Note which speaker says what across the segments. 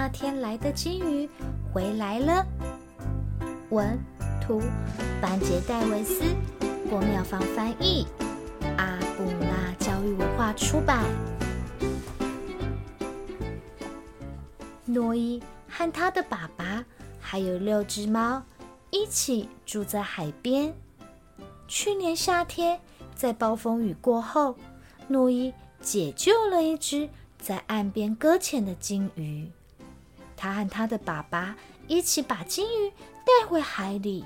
Speaker 1: 那天來的鯨魚回來了。文、圖：班傑·戴維斯，郭妙芳翻譯，阿布拉教育文化出版。諾伊和他的爸爸還有六隻貓一起住在海邊。去年夏天，在暴風雨過後，諾伊解救了一隻在岸邊擱淺的鯨魚。他和他的爸爸一起把鯨魚帶回海裡，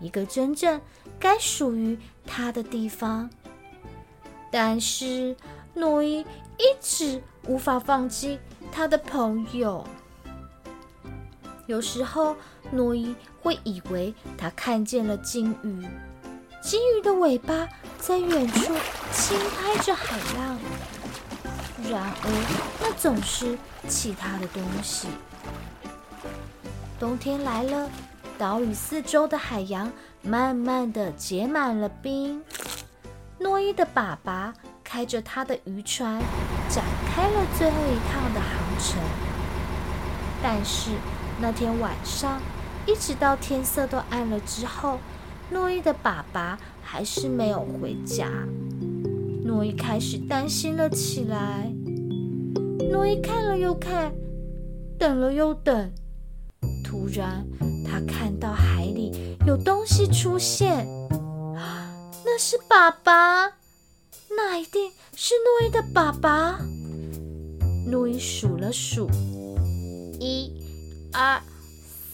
Speaker 1: 一個真正該屬於他的地方。但是諾伊一直無法放棄他的朋友。有時候諾伊會以為他看見了鯨魚，鯨魚的尾巴在遠處輕拍着海浪。然而，那總是其他的東西。冬天來了，島嶼四周的海洋慢慢的結滿了冰。諾伊的爸爸開着他的漁船，展開了最後一趟的航程。但是，那天晚上，一直到天色都暗了之後，諾伊的爸爸還是沒有回家。諾伊開始擔心了起來。諾伊看了又看，等了又等。突然，他看到海裡有東西出現。啊，那是爸爸，那一定是諾伊的爸爸。諾伊數了數：一、二、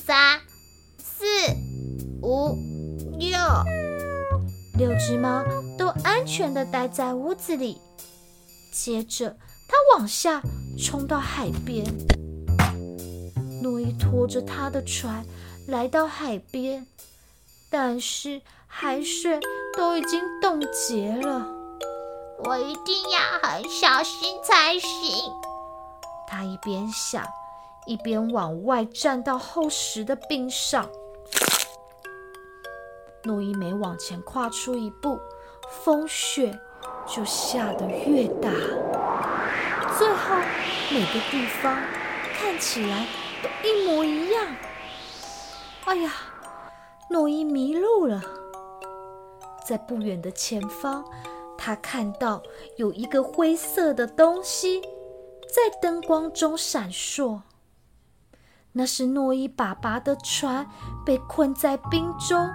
Speaker 1: 三、四、五、六，六隻貓。安全地待在屋子裡。接着，他往下衝到海邊。諾伊拖着他的船來到海邊，但是海水都已經凍結了。我一定要很小心才行。他一邊想，一邊往外站到厚實的冰上。諾伊沒往前跨出一步。風雪就下得越大，最後每個地方看起來都一模一樣。哎呀，諾伊迷路了。在不遠的前方，他看到有一個灰色的東西在燈光中閃爍。那是諾伊爸爸的船被困在冰中。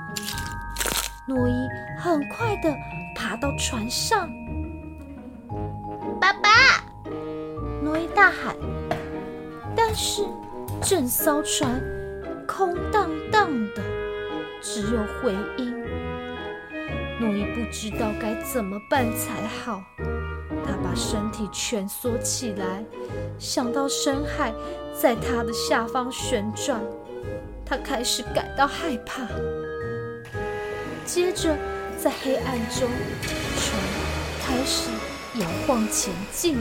Speaker 1: 諾伊很快地。爬到船上，爸爸！諾伊大喊。但是，整艘船空蕩蕩的，只有回音。諾伊不知道該怎麼辦才好。他把身體蜷縮起來，想到深海在他的下方旋轉，他開始感到害怕。接着。在黑暗中，船開始搖晃前進。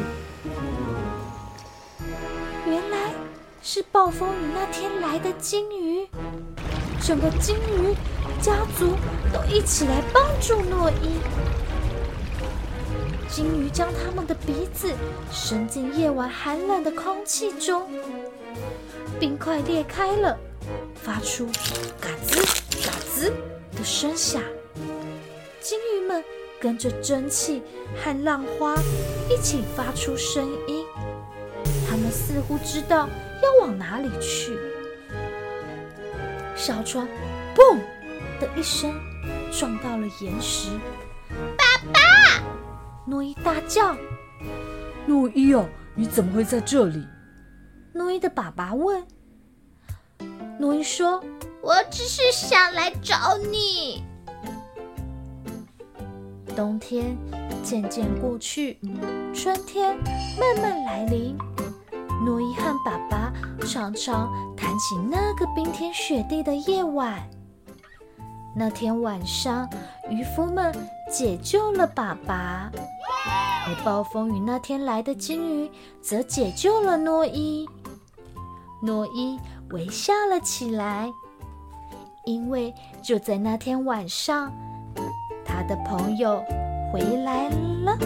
Speaker 1: 原來是暴風雨那天來的鯨魚，整個鯨魚家族都一起來幫助諾伊。鯨魚將他們的鼻子伸進夜晚寒冷的空氣中，冰塊裂開了，發出嘎吱嘎吱的聲響。鯨魚們跟着蒸汽和浪花一起發出聲音，他們似乎知道要往哪裡去。小船“砰”的一聲撞到了岩石。爸爸，諾伊大叫：“諾伊哦，你怎麼會在這裡？”諾伊的爸爸問。諾伊說：“我只是想來找你。”冬天漸漸過去，春天慢慢來臨。諾伊和爸爸常常談起那個冰天雪地的夜晚。那天晚上，漁夫們解救了爸爸，而暴風雨那天來的鯨魚則解救了諾伊。諾伊微笑了起來，因為就在那天晚上，我的朋友回來了。